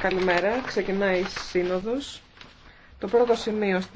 Καλημέρα, ξεκινάει η σύνοδος. Το πρώτο σημείο στην